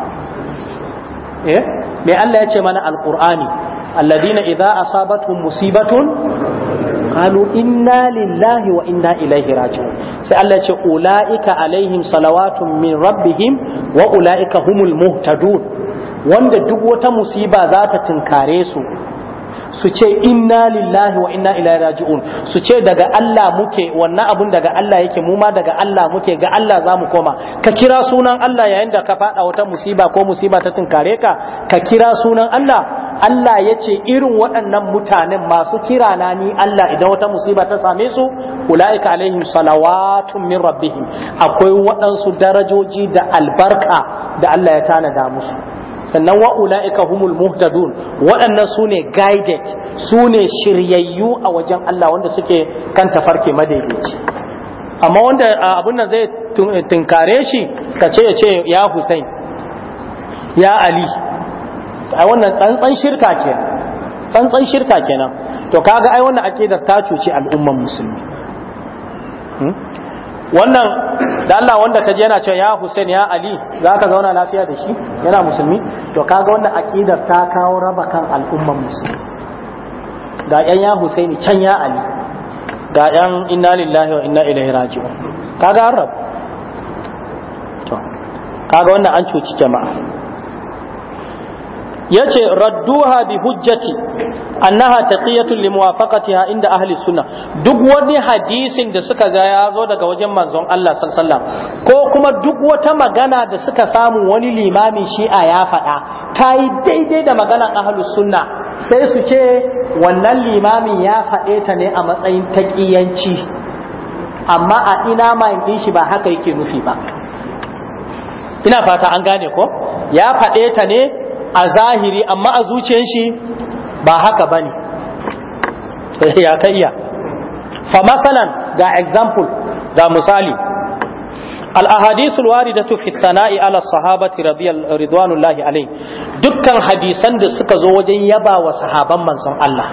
eh mai Allah ya ce mana alqur'ani alladina idza asabatuhum musibatun qalu inna lillahi wa inna ilaihi raji'un sai Allah ya ce ulaika alaihim salawatun min rabbihim wa ulaika humul muhtadun wanda duk wata musiba za ta tunkare su su ce inna lillahi wa inna ilaihi raji'un su ce daga Allah muke wannan abun daga Allah yake mu ma daga Allah muke ga Allah za mu koma ka kira sunan Allah yayin da ka fada wata musiba ko musiba ta tunkare ka ka kira sunan Allah Allah ya ce irin waɗannan mutanen masu kira na ni Allah idan wata musiba ta same su ulaika alaihim salawatun min rabbihim akwai waɗansu darajoji da albarka da Allah ya tanada musu sannan wa ula'ika humul muhtadun waɗannan su ne guided su ne shiryayyu a wajen Allah wanda suke kan tafarki madaidaici amma wanda abun nan zai tunkare shi ka ce ya ce ya Hussein ya Ali ai wannan tsantsan shirka kenan tsantsan shirka kenan to kaga ai wannan da ta cuci al'umman musulmi hmm? wannan da Allah wanda ka je yana cewa ya Hussein ya Ali za ka zauna lafiya da shi yana musulmi to kaga wanda aqidar ta kawo raba kan al'umman musulmi ga yan ya Hussein can ya Ali ga yan inna lillahi wa inna ilaihi raji'un kaga an rabu to kaga wanda an cuci jama'a yace radduha bi hujjati annaha taqiyatun li muwafaqatiha inda ahli sunna duk wani hadisin da suka ga ya zo daga wajen manzon Allah sallallahu alaihi wasallam ko kuma duk wata magana da suka samu wani limamin shi'a ya faɗa ta yi daidai da maganar ahli sunna sai su ce wannan limamin ya faɗe ta ne a matsayin taqiyanci amma a ina mai din shi ba haka yake nufi ba ina fata an gane ko ya faɗe ta ne a zahiri amma a zuciyar shi ba haka ba ne [laughs] ya ta iya fa masalan ga example ga misali al-ahadisul waridatu fi sana'i ala sahabati radiyallahu alaihi dukkan hadisan da suka zo wajen yaba wa sahaban manzon Allah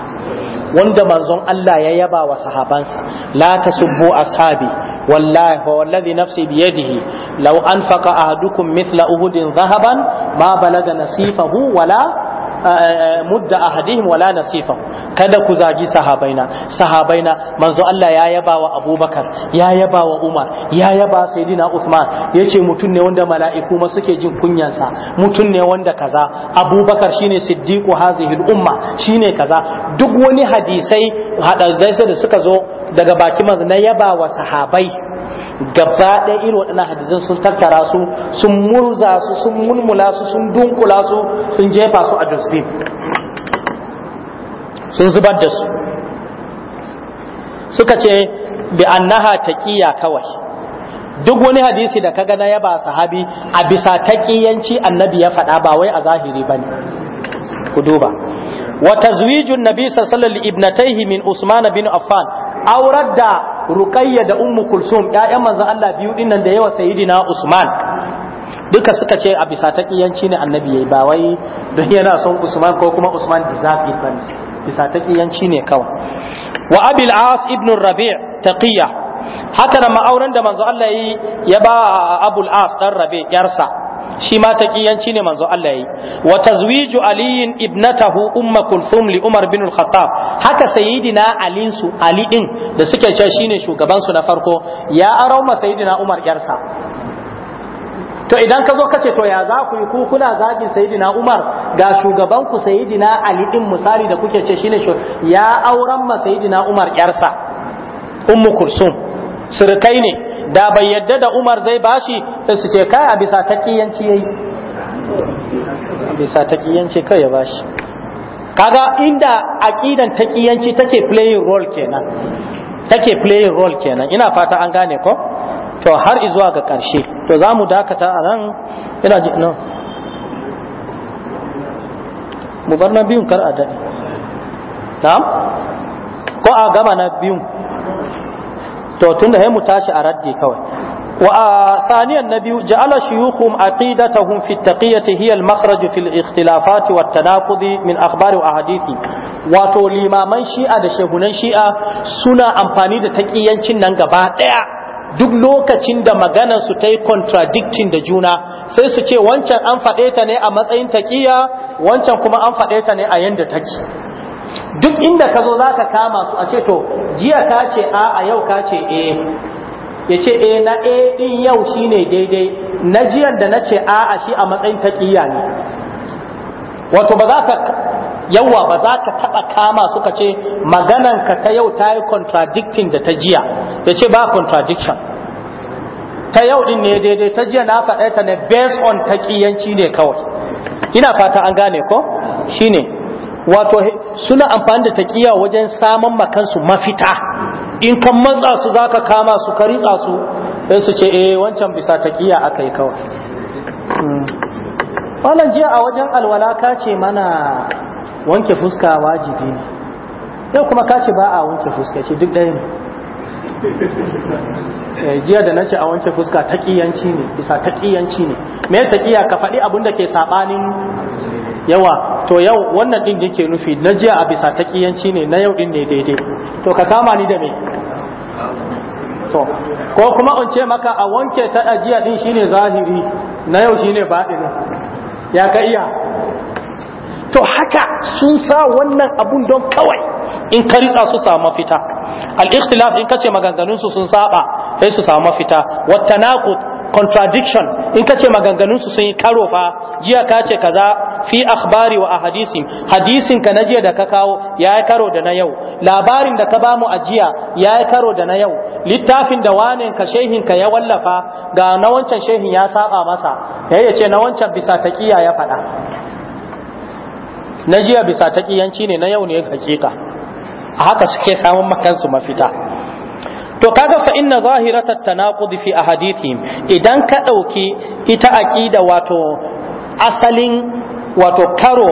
wanda manzon Allah ya yaba wa sahabansa la tasubbu ashabi wallahi wallazi nafsi bi yadihi law anfaqa ahadukum mithla uhudin dhahaban ma balaga nasifahu wala mudda a ahadihim wala nasifa kada ku zaji sahabaina sahabaina manzo Allah ya yaba wa Abubakar ya yaba wa Umar ya yaba sayyidina Usman yace mutun ne wanda mala'iku ma suke jin kunyansa mutun ne wanda kaza Abubakar shine siddiqu hazihi umma shine kaza duk wani hadisai hadisai da suka zo daga baki manzo na yaba wa sahabai gaba ɗaya irin waɗannan hadisan sun tattara su sun murza su sun mulmula su sun dunkula su sun jefa su a dustbin sun zubar da su suka ce bi annaha taqiya kawai duk wani hadisi da ka kaga na yaba sahabi a bisa taqiyanci annabi ya faɗa ba wai a zahiri bane ku duba wa tazwijun nabi sallallahu alaihi min usman bin affan aurar da ruqayya da ummu kulsum ƴaƴan manzon Allah biyu din nan da yawa sayyidina Usman duka suka ce a bisa taqiyanci ne annabi yayi ba wai don yana son Usman ko kuma Usman da zafi ba bisa taqiyanci ne kawai wa abil as ibn rabi' taqiya haka da ma'auran da manzo Allah yi ya ba abul as dan rabi yarsa shi ma kiyanci ne manzo Allah yi wa tazwiju Aliyun ibnatahu umma kulthum li umar bin al-khattab haka sayyidina ali su ali din da suke cewa shine shugaban su na farko ya arau ma sayyidina umar yarsa to idan ka zo ka ce to ya za ku yi ku kuna zagin sayyidina Umar ga shugaban ku sayyidina Ali din misali da kuke ce shine ya auren ma sayyidina Umar yarsa ummu kursum surkai ne da bai yadda da umar zai bashi da su ce kai a bisa taƙiyanci yayi a bisa taƙiyanci kai ya bashi kaga inda aqidan taƙiyanci take playing role kenan take playing role kenan ina fata an gane ko to har izuwa ga ƙarshe to za mu dakata a nan ina ji no mu bar na biyun kar a daɗe na'am ko a gama na biyun to tunda sai mu tashi a raddi kawai وثانيا النبي جعل شيوخهم عقيدتهم في التقية هي المخرج wa الاختلافات min akbari a وأحاديث wato limaman shi'a da shehunan shi'a suna amfani da taƙiyancin nan gaba ɗaya duk lokacin da maganar su ta yi contradicting da juna sai su ce wancan an faɗe ta ne a matsayin taƙiya wancan kuma an faɗe ta ne a yanda take duk inda ka zo za ka kama su a ce to jiya ka ce a a yau ka ce e ya ce e na e din yau shine daidai na jiyan da na ce a a shi a matsayin taƙiyya ne wato ba za ka yawa ba za ka taɓa kama su ka ce maganan ka ta yau ta yi contradicting da ta jiya ya ce ba contradiction ta yau din ne daidai ta jiya na faɗa ta ne based on taƙiyanci ne kawai ina fata an gane ko shine ne wato suna amfani da taqiya wajen saman makansu mafita in kan matsa su zaka kama su ka ritsa su sai su ce eh wancan bisa taqiya akai kawai wannan hmm. jiya a wajen alwala ka ce mana wanke fuska wajibi ne yau kuma ka ce ba a wanke fuska ce duk ɗaya ne Eh, jiya da nace a wanke fuska taqiyanci ne bisa taqiyanci ne me taqiya ka faɗi abin da ke sabanin yawa to yau wannan din yake nufi na jiya a bisa taqiyanci ne na yau din ne daidai to ka kama ni da me to ko kuma in ce maka a wanke ta jiya din shine zahiri na yau shine baɗini ya ka iya to haka sun sa wannan abun don kawai in ka ritsa su samu mafita al-ikhtilaf in kace maganganun su sun saba sai su samu mafita wata naqut contradiction in ka ce maganganunsu sun yi karo fa jiya ka ce kaza fi akhbari wa ahadisin hadisin ka na jiya da ka kawo ya yi karo da na yau labarin da ka bamu a jiya ya yi karo da na yau littafin da wane ka shehin ka ya wallafa ga na wancan shehin ya saba masa yi ce na wancan bisa taƙiya ya faɗa na jiya bisa taƙiyanci ne na yau ne hakika a haka suke samun makansu mafita to kaga fa inna zahirata tanaqud fi ahadithihim idan ka dauki ita aqida wato asalin wato karo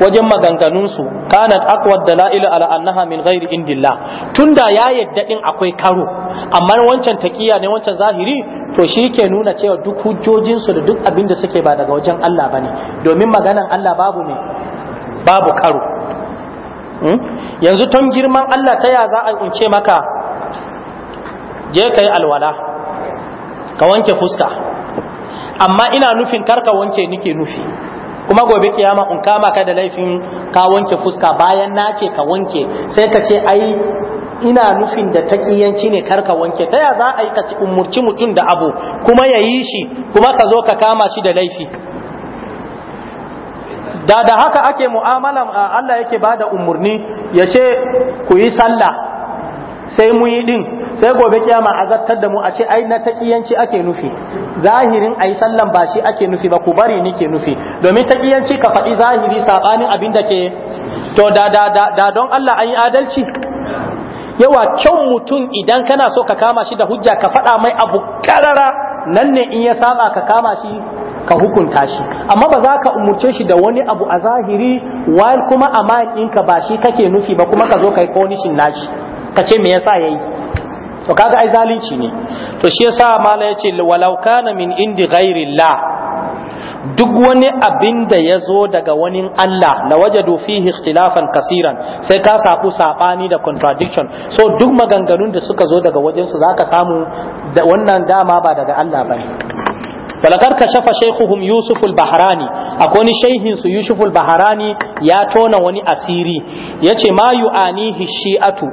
wajen maganganunsu kanat aqwa dalail ala annaha min ghairi indillah tunda ya yadda din akwai karo amma wancan takiya ne wancan zahiri to shi ke nuna cewa duk hujjojinsu da duk abin da suke ba daga wajen Allah bane domin maganan Allah babu ne babu karo hmm? yanzu tun girman Allah ta ya za a ince maka je ka yi alwala ka wanke fuska amma ina nufin karka wanke nike nufi kuma gobe kiyama in kama ka da laifin ka wanke fuska bayan na ka wanke sai ka ce ai ina nufin da taƙiyanci ne karka wanke ta ya za a yi ka ci umurci mutum da abu kuma ya yi shi kuma ka zo ka kama shi da laifi da da haka ake mu'amala Allah yake bada umurni ya ce ku yi sallah sai mu yi din sai gobe kiyama azartar da mu a ce ai na taqiyanci ake nufi zahirin ai sallan ba shi ake nufi ba ku bari ni ke nufi domin taqiyanci ka faɗi zahiri sabanin abin da ke to da da da, don Allah an yi adalci yawa kyau mutum idan kana so ka kama shi da hujja ka faɗa mai abu karara nan ne in ya saba ka kama shi ka hukunta shi amma ba za ka umurce shi da wani abu a zahiri while kuma a mind ɗinka ba shi kake nufi ba kuma ka zo ka yi konishin nashi ka ce me yasa yayi to kaga ai zalunci ne to shi yasa mala yace walau kana min indi ghairillah duk wani abin da ya zo daga wani Allah na wajadu fihi ikhtilafan kasiran sai ka saku sabani da contradiction so duk maganganun da suka zo daga wajen su zaka samu wannan dama ba daga Allah bane walakar ka shafa shaykhuhum yusuf al-bahrani akwai ni shaykhin su yusuf al-bahrani ya tona wani asiri yace ma yu'anihi shi'atu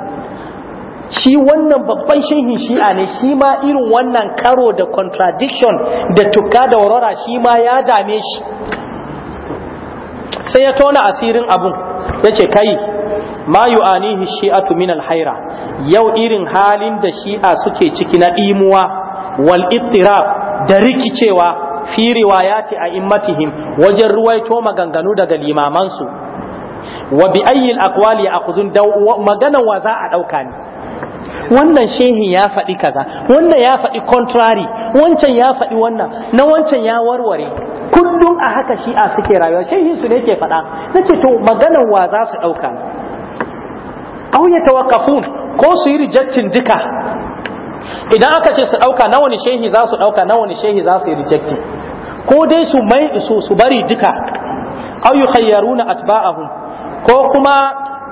shi wannan babban shehin shi'a ne shi ma irin wannan karo da contradiction da tukka da warwara shi ma ya dame shi sai ya tona asirin abun ya ce kai ma yu'anihi shi'atu min haira yau irin halin da shi'a suke ciki na imuwa wal ittirab da rikicewa fi riwayati a immatihim wajen ruwaito maganganu daga limamansu wa bi ayyil aqwali ya'khudun maganan wa za a dauka ne wannan shehi ya faɗi kaza wannan ya faɗi contrary wancan ya faɗi wannan na wancan ya warware kullum a haka shi a suke rayuwa shehi su ne ke faɗa na ce to maganar wa za su ɗauka au ya tawakafun ko su yi rejectin duka idan aka ce su ɗauka na wani shehi za su ɗauka na wani shehi za su yi rejectin ko dai su mai su su bari duka au yukhayyaruna atba'ahum ko kuma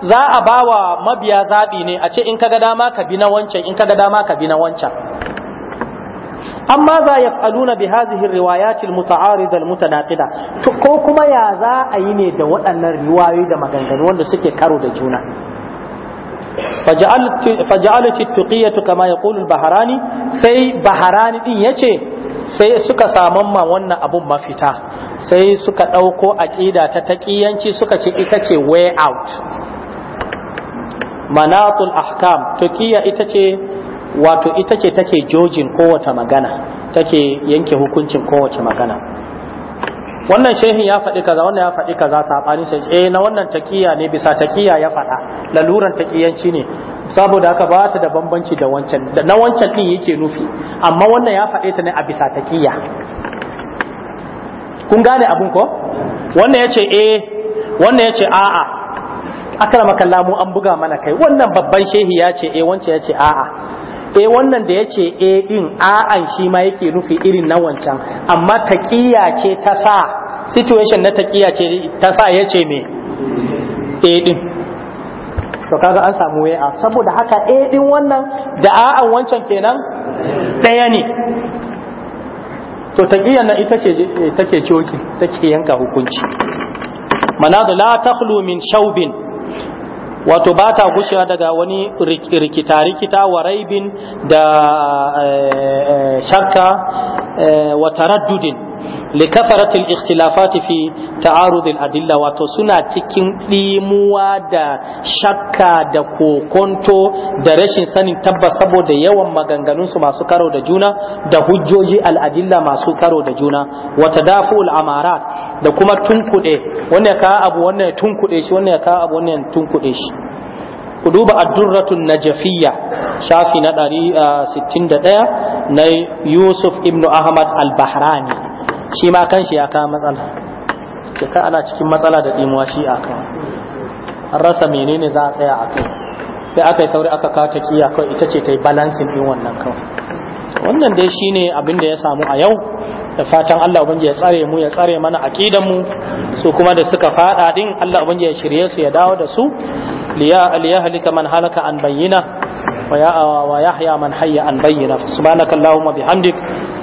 za a ba wa mabiya zaɓi ne a ce in kaga dama ka bi na wancan in kaga dama ka bi na wancan amma za ya faluna bi hazihin riwayatil muta'aridal mutanaqida to ko kuma ya za a yi ne da waɗannan riwayoyi da maganganu wanda suke karo da juna faja'alat tuqiyatu kama yaqulu al-baharani sai baharani din yace sai suka saman ma wannan abun mafita sai suka ɗauko aƙida ta taƙiyanci suka ce ita ce way out manatul ahkam turkiya ita ce wato ita ce take jojin kowace magana take yanke hukuncin kowace magana wannan shehi ya faɗi kaza wannan ya faɗi kaza sabani sai eh na wannan takiya ne bisa takiya ya faɗa laluran takiyanci ne saboda haka ba ta da bambanci da wancan na wancan din yake nufi amma wannan ya faɗe ta ne a bisa takiya kun gane abun ko wannan yace eh wannan ya ce a'a akrama kallamu an buga mana kai wannan babban shehi ya ce eh wancan ya ce a'a eh wannan da ya ce eh din a'an shi ma yake nufi irin na wancan amma taqiya ce ta sa situation na taqiya ce ta sa ya ce me eh din to kaga an samu a saboda haka eh din wannan da a'an wancan kenan daya ne to taqiya nan ita ce eh, take coci take yanka hukunci manadu la takhlu min shaubin wato ba ta gushewa daga wani rikita-rikita wa raibin da eh, eh, shakka eh, wa taraddudin li kasaratil ikhtilafati fi ta'arud al adilla wato suna cikin dimuwa da shakka da kokonto da rashin sanin tabbas saboda yawan maganganun su masu karo da juna da hujjoji al adilla masu karo da juna wa tadafu al amarat da kuma tunkude wannan ka abu wannan tunkude shi wannan ka abu wannan tunkude shi duba addurratun najafiyya shafi na 161 ah, na yusuf ibnu ahmad al-bahrani shi ma kan shi ya kawo matsala ke ka ana cikin matsala da ɗimuwa shi a kan an rasa menene za a tsaya a kai sai aka yi sauri aka kawo ta kiya kawai ita ce ta yi balansin ɗin wannan kawai wannan dai shine abin da ya samu a yau da fatan Allah ubangiji ya tsare mu ya tsare mana a mu su kuma da suka fada ɗin Allah ubangiji ya shirye su ya dawo da su liya halika man halaka an bayyana wa ya wa yahya man hayya an bayyina subhanakallahumma bihamdik